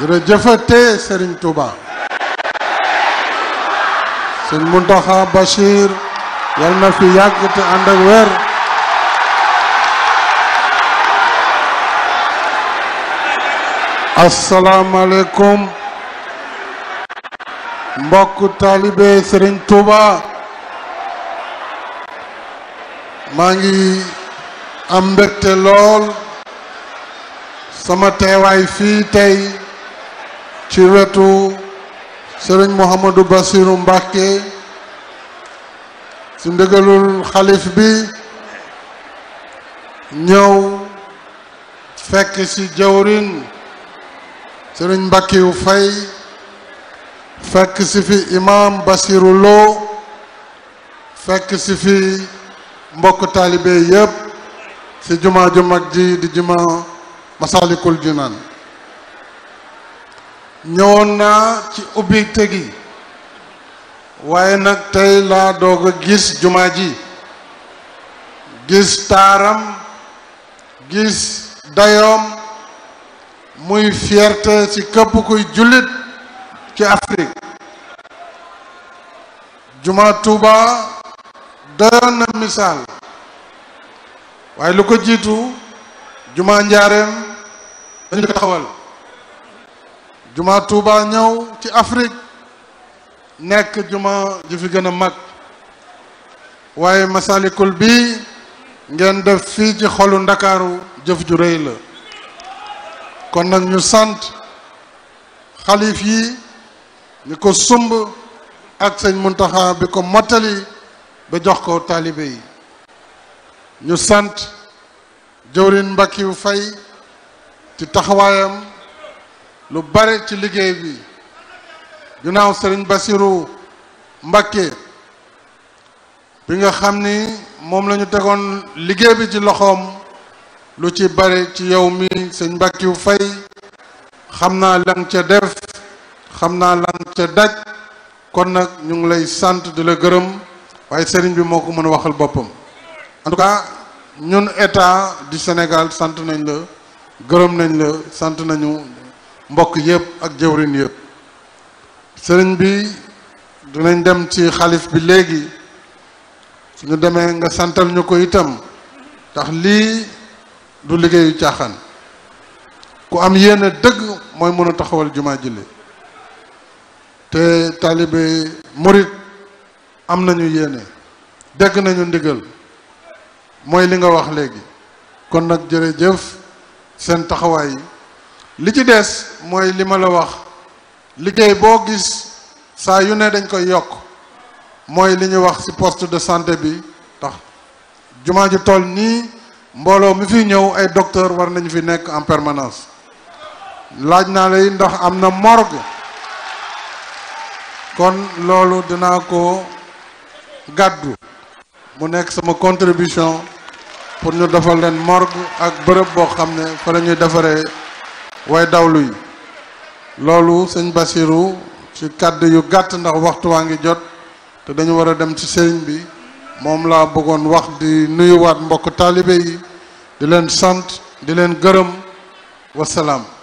jërëjëfate Serigne Touba sëñ Muntaxa Bachir yal na fi yàgg te ànd ak wér asalaamaaleykum mbokk taalibe Serigne Touba maa ngi am mbégte lool sama teewaay fii tey ci wetu sëriñ Mouhamadou Bassirou Mbacké ci ndigalul xalif bi ñëw fekk ci jawrin sëriñ Mbackiou Faye fekk ci fi imam Bassirou Lo fekk ci fi mbokk taalibe yépp ci jumaa ju ji di jumaa Masalikul Jinaan ñëwoon naa ci ubbi tëgi waaye nag tey laa doog a gis jumaa ji gis taaram gis dayoom muy fierté ci képp kuy jullit ci Afrique jumaa Tuuba doyoon na misaal waaye lu ko jiitu jumaa Njaareem dañu ko taxawal juma tuuba ñëw ci Afrique nekk juma ju fi gën mag waaye masalikul bi ngeen def fii ci xolu ndakaaru jëf ju rëy la kon nag ñu sant xalif yi ñu ko sumb ak sëñ Muntaxa bi ko mottali ba jox ko taalibe yi ñu sant jëwrin Mbakiyu Fay ci taxawaayam lu bare ci liggéey bi ginnaaw sëriñ Basiru Mbakke bi nga xam ni moom lañu tegoon liggéey bi ci loxoom lu ci bare ci yow mi sëñ Mbackiou Faye xam naa lan ca def xam naa lan ca daj kon nag ñu ngi lay sant di la gërëm waaye sëriñ bi moo ko mën a waxal boppam en tout cas ñun état du Sénégal sant nañ la gërëm nañ la sant nañu mbokk yëpp ak jëwrin yëpp sëriñ bi dinañ dem ci xalif bi léegi ñu demee nga santal ñu ko itam tax lii du liggéeyu caaxaan ku am yéene dëgg mooy mën a taxawal jumaa jile te taalibe murit am nañu yéene dégg nañu ndigal mooy li nga wax léegi kon nag jërëjëf seen taxawaay yi li ci des mooy li ma la wax liggéey boo gis saa yu ne dañ koy yokk mooy li ñu wax ci poste de santé bi tax jumaa ji tool nii mbooloo mi fi ñëw ay docteur war nañu fi nekk en permanence laaj naa lay ndox am na morgue kon loolu dinaa ko gàddu mu nekk sama contribution pour ñu defal leen morgue ak bërëb boo xam ne fa la defaree way dawlu yi loolu sëñ Basiru ci kàdd yu gàtt ndax waxtu waa ngi jot te dañu war a dem ci sëriñ bi moom laa bëggoon wax di nuyuwaat mbokk taalibe yi di leen sant di leen gërëm wasalaam